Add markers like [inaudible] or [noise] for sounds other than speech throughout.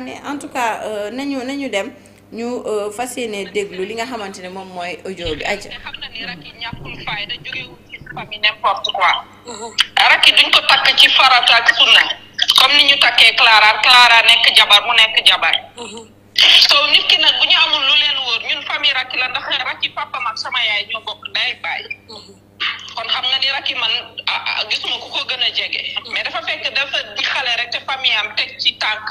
ne en tout cas euh, nañu dem ñu euh, fas yéene déglu li nga xamante ne moom mooy audio bi aja xam na ni rakk yi duñ ko takk ci farata ak na comme ni ñu takkee Clara Clara nekk jabar mu nekk jabar so nit ki nag bu ñu amul lu leen wóor ñun famille rakk la ndax rakk yi ak sama yaay ñoo kon xam nga ni rakki man ah, ah, gisuma ku ko gën a jege mais dafa fekk dafa di xale rek te famille am teg ci tànk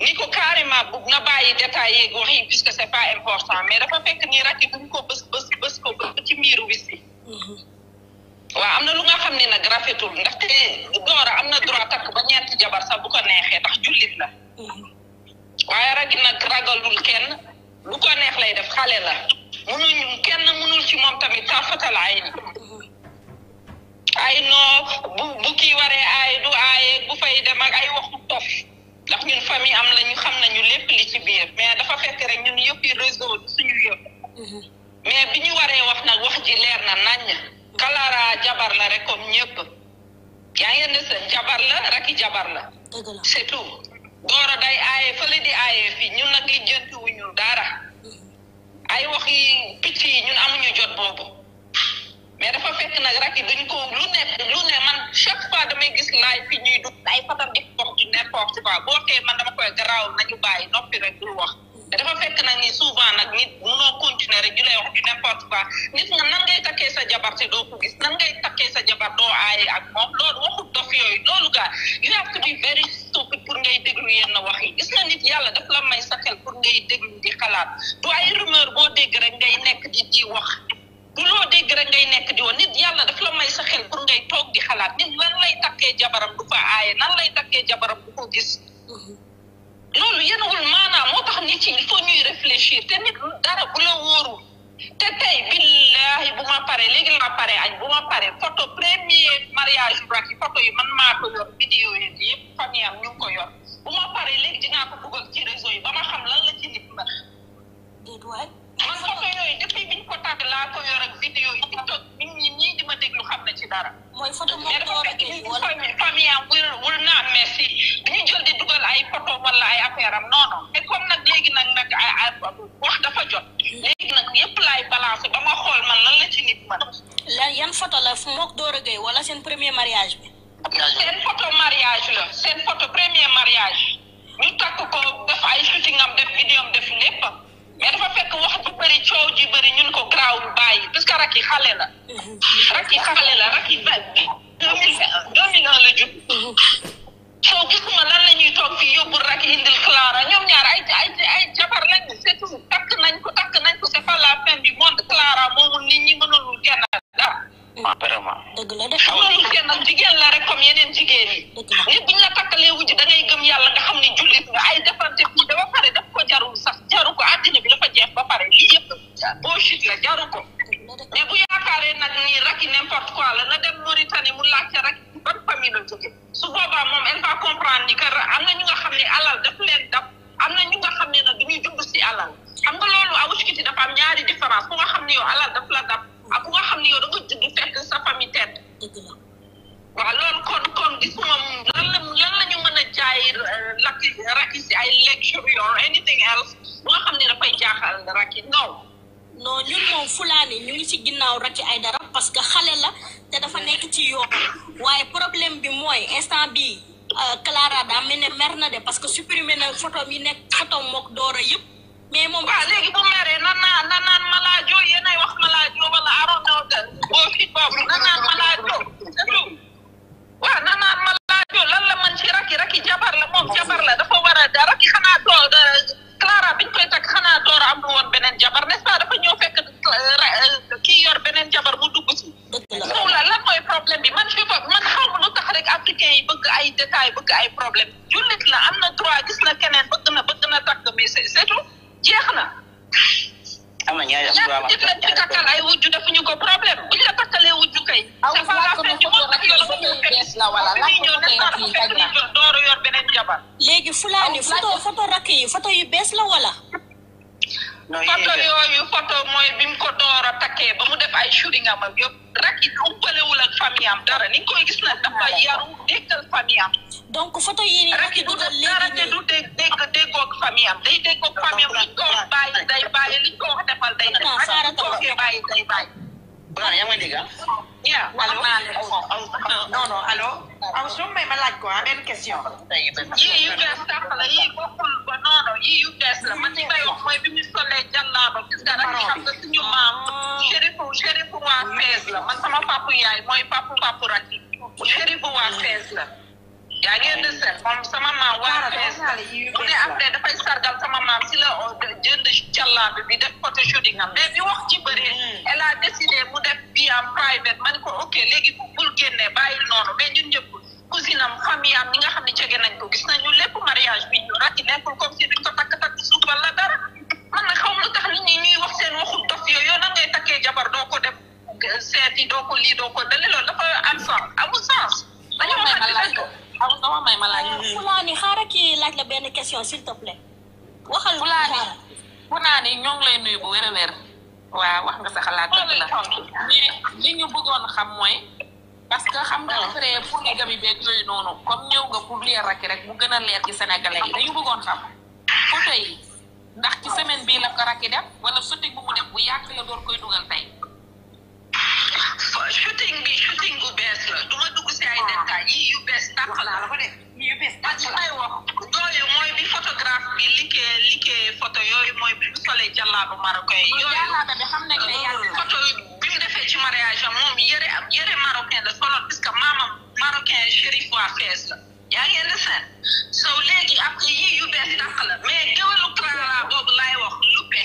ni ko carrément na bàyyi détails yeeg wax yi puisque c'est pas important mais dafa fekk ni rakk yi duñ ko bës bës bës ko bës ci miiru wis bi mm-hmm. waaw am na lu nga xam ne nag rafetul ndaxte doora am na droit takk ba ñeenti jabar sax bu ko neexee ndax jullit la mm-hmm. waaye rag nag ragalul kenn lu ko neex lay def xale la munuñ kenn munul ci moom tamit tarfatal ay mm-hmm. ay noo bu bu kii waree ay du aaye bu fay dem ay waxu tof ndax ñun famille am lañu xam nañu lépp li ci biir mais dafa fekk rek ñun yëpp yi réseau bi suñu yëpp mhm. mais bi ñu waree wax nag wax ji leer na nañ Kalaara jabar la rek comme ñëpp yaa ngeen ne seen jabar la raki jabar la c'est tout Doro day aaye fële di aaye fii ñun nag li jëntuwuñu dara mhm. ay wax yi picc yi ñun amuñu jot boobu mais dafa fekk nag raki duñ ko lu ne lu ne man chaque fois damay gis laay fi ñuy dugg ay fatar di ko foofu si boo tee man dama koy garaaw nañu bàyyi noppi rek bul wax dafa fekk nag ni souvent nag nit munoo continuer rek ñu lay wax du n'importe quoi nit nga nan ngay takkee sa jabar te doo gis nan ngay takkee sa jabar doo aaye ak moom loolu waxut dof yooyu loolu gaa you have to be very yenn wax yi gis na nit yàlla daf la may sa xel pour ngay déglu di xalaat du ay rumeur boo dégg rek nekk di di wax bu loo nekk di wax nit yàlla daf la may sa xel pour ngay xalaat takkee jabaram du ko aaye nan lay takkee jabaram du ko gis loolu yenwul maanaam moo tax nit ci il faut ñuy réfléchir te nit dara bu la wóorul te tey billahi bu ma pare léegi la pare añ bu ma pare photo premier mariage raki photo yi man maa ko yor vidéo yi ma nit ko tàgg laa ko yor ak yi tiktok nit ñi ñii di ma déglu xam na ci dara mooy photo moom door a génn wala famille am wul wul naa merci dañu jël di dugal ay photo wala ay affaire am non non te comme nag léegi nag nag wax dafa jot léegi nag yëpp laay balancé ba xool man lan la ci nit man lan yan photo la mook door a géy wala seen premier mariage bi seen photo mariage la seen photo premier mariage ñu takk ko def ay shooting am def vidéo am def lépp mais dafa fekk wax bu bëri coow ji bëri ñun ko graawul bàyyi que Racky xale la. Racky xale la Racky ba deux mille deux mille un la jub. soo gisuma lan la ñuy toog fii yóbbu Racky indil Clara ñoom ñaar ay jabar lañ c'est takk nañ ko takk nañ ko c'est pas la fin du monde Clara moomu nit ñi mënulul kenn dara. ah vraiment. dëgg la dëgg la mënulul kenn jigéen la rek comme yeneen jigéen yi. ñu la takkalee wujj da ngay gëm yàlla nga xam ne jullit nga ay. am ñaari différence ku nga xam ne yow alal daf la dab ak ku nga xam ne yow da nga fekk sa tedd waaw loolu kon kon gis moom lan ñu mën a euh, si ay luxury or anything ne dafay jaaxal rakki non non ñun moom fulaani ñu ci ginnaaw rakki ay dara parce que xale la te dafa nekk ci yoon waaye problème bi mooy instant bi euh, Clara daa mel ne mer na de parce que supprimer na photo yi nekk photo mook doora yëpp mi moom ah léegi bu meree nan naan nan naan malaajo yéenay wax malaajo wala aroon na boo fi boobu nan naan malaajo waaw nan naan malaajo lan la man ci raki raki jabar la moom jabar la dafa war a raki xanaa door Clara koy takk xanaa door am lu woon beneen jabar n'est-ce pas dafa ñëw fekk kii yor beneen jabar bu dugg ci sow la lan mooy problème bi man fi bopp man xaw ma lu tax rek africain yi bëgg ay détail bëgg ay problème jullit la am na droit gis na keneen bëgg na bëgg na takk jeex na. am na ñaari di takkal ay wujju defuñu ko problème buñ la takkalee wujju kay. door yor beneen jabar. léegi fulaani foto foto rakk yi foto yu bees la wala. foto yooyu foto mooy bi mu ko door a takkee ba mu def ay shooting am yëpp rakk yi umpalewul ak famille am dara ni koy gis nag dafa ah, yaru déggal famille donc photo yi nii rek du dee déggoo ak famille am day déggoo ak famille am liñ ko wax bàyyi day bàyyi liñ ko wax defal day defal liñ ko wax bàyyi day bàyyi. Buraan yaa ngi may dégg ah. non non allo. aw su may ma laaj ko ah benn question. yii yu bees sax la yii bokkul ba non non yii yu bees la man li may wax mooy bi mu solee jàllaaba gis nga rek xam nga suñu maam. chérifu mm. chérifu waa fees la man sama papu yaay mooy papu papu rakki. chérifu waa fees la. yaa ngi understand comme sama maam waa fees mu ne la euh, jënd jàllaabe bi def photo am mais bi wax ci bëree mm. elle a décidé mu def bi am private ko ok léegi bu bul génnee bàyyil noonu mais ñun ñëpp cousine am famille am ñi nga xam ne jege nañ ko gis nañu lépp mariage bi ñu rakki nekkul comme si duñ ko takk takk suuf wala dara man na xaw ma tax nit ñi ñuy wax seen waxu dof yooyu yow ngay takkee jabar doo ko def seeti doo ko lii doo ko dale loolu dafa am sens amul sens dañoo waxante dëgg ma may ma laaj. Fulani xaaral kii laaj la benn question s'il te plaît. waxal Fulani Fulani ñoo ngi lay nuyu bu wér a wax nga sa xalaat dëgg la mais li ñu bëggoon xam mooy. parce que xam nga ah. après polygamie beeg yooyu noonu comme ñëw nga pour leer rek rek mu gën a leer ci sénégalais yi ñu bëggoon xam photo yi ndax ci semaine bi la ko rakki dem wala sotti bu mu def bu yàgg la door koy dugal tey. shooting bi shooting bu bees la du ma dugg si ay détails yi yu bees tàq la yu bees tàq la may wax yooyu mooy bi photographe bi liggéey liggéey photo yooyu mooy bi mu solee jàllaabu marocain yooyu photo bi mu defee ci mariage am moom yëre am yëre marocain la soloon parce que maamam marocain chérif waa fees la yaa ngi indi seen so léegi ak yii yu bees tàq la mais géwélu Clara boobu laay wax lupe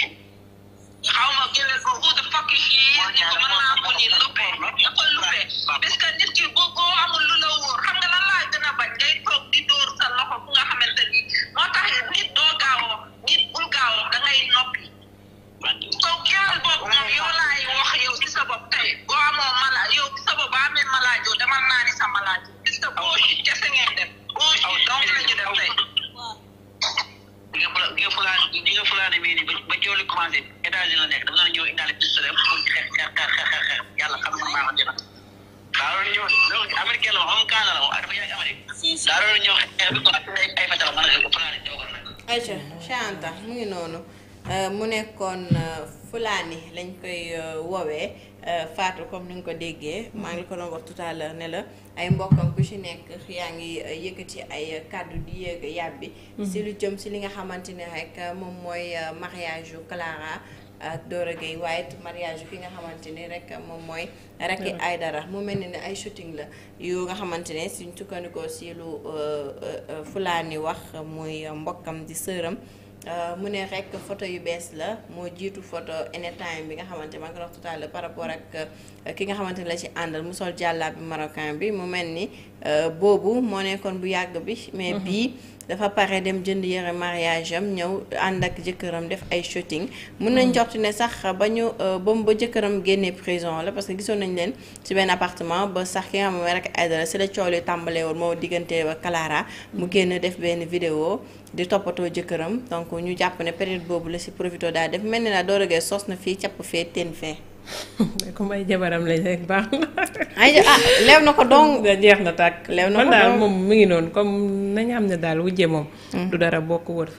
xaw ma géwél boobu the fuck is he mën naa a Guadagnino do pé. ayca Chanta mu ngi noonu euh, mu nekkoon euh, Fulani lañ koy euh, woowee Fatou comme ni nga ko déggee maa ngi la ko doon wax tout ne la ay mbokkam ku ci nekk yaa ngi yëkkati ay kàddu di yéeg yàbbi mm-hmm. si lu jëm si li nga xamante ne rek moom mooy mariage yu Clara ak Dora Gueye waaye mariage bi nga xamante ni rek moom mooy mm-hmm. ay dara mu mel ni ay shooting la yu nga xamante ne suñ tukkandikoo si lu fulaa euh, euh, euh, fulaani wax muy mbokkam di sëram Euh, mu ne rekk photo yu bees la moo jiitu photo anytime bi nga xamante ma ngi par rapport ak euh, ki nga xamante ne la ci àndal mu sol jàllaa bi mu mel ni euh, boobu moo nekkoon bu yàgg bi mais mhm. bii dafa pare dem jënd yére mariage am ñëw ànd ak jëkkëram def ay shooting mun nañ mhm. jot ne sax ba ñu ba mu ba jëkkëram génne prison la parce que gisoon nañ leen ci benn appartement ba sax ki nga xam ne rek Aïdara si la coow li tàmbalee woon moo diggante ba kalaara mu mhm. génn def benn vidéo di toppatoo jëkkëram donc ñu jàpp ne période boobu la si profito daal def mel ni la Doro Gueye sos na fii capp fee teen fee. ku [laughs] may jabaram lañ rek baax na. ay ah lew na ko dong. [laughs] jeex na tàkk lew na ko dong man daal moom mi ngi noonu comme nañu xam ne daal wujje moom. Mm. du dara bokk wër.